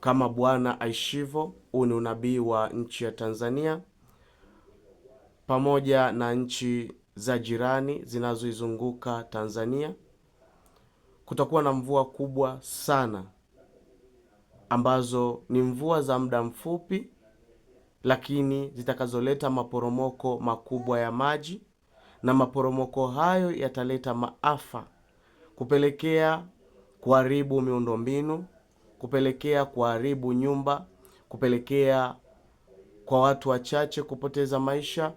kama Bwana aishivo. Huu ni unabii wa nchi ya Tanzania pamoja na nchi za jirani zinazoizunguka Tanzania. Kutakuwa na mvua kubwa sana ambazo ni mvua za muda mfupi, lakini zitakazoleta maporomoko makubwa ya maji, na maporomoko hayo yataleta maafa, kupelekea kuharibu miundombinu kupelekea kuharibu nyumba, kupelekea kwa watu wachache kupoteza maisha.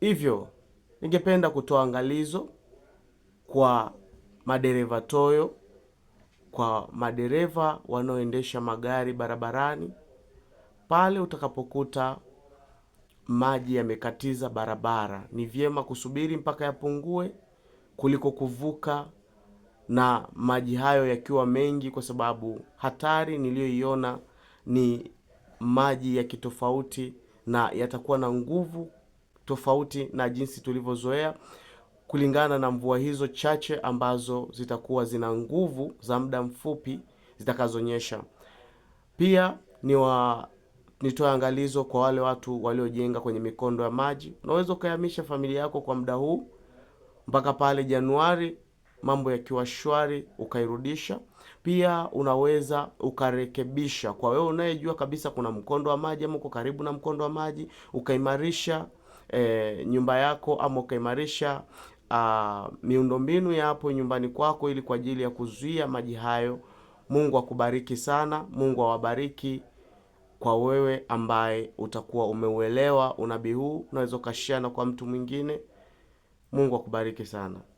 Hivyo ningependa kutoa angalizo kwa madereva toyo, kwa madereva wanaoendesha magari barabarani, pale utakapokuta maji yamekatiza barabara, ni vyema kusubiri mpaka yapungue kuliko kuvuka na maji hayo yakiwa mengi, kwa sababu hatari niliyoiona ni maji ya kitofauti na yatakuwa na nguvu tofauti na jinsi tulivyozoea kulingana na mvua hizo chache ambazo zitakuwa zina nguvu za muda mfupi zitakazonyesha. Pia ni wa nitoa angalizo kwa wale watu waliojenga kwenye mikondo ya maji. Unaweza ukahamisha familia yako kwa muda huu mpaka pale Januari mambo yakiwa shwari ukairudisha. Pia unaweza ukarekebisha. Kwa wewe unayejua kabisa kuna mkondo wa maji ama uko karibu na mkondo wa maji, ukaimarisha e, nyumba yako ama ukaimarisha ah, miundombinu ya hapo nyumbani kwako ili kwa ajili ya kuzuia maji hayo. Mungu akubariki sana. Mungu awabariki kwa wewe ambaye utakuwa umeuelewa unabii huu, unaweza ukashiana kwa mtu mwingine. Mungu akubariki sana.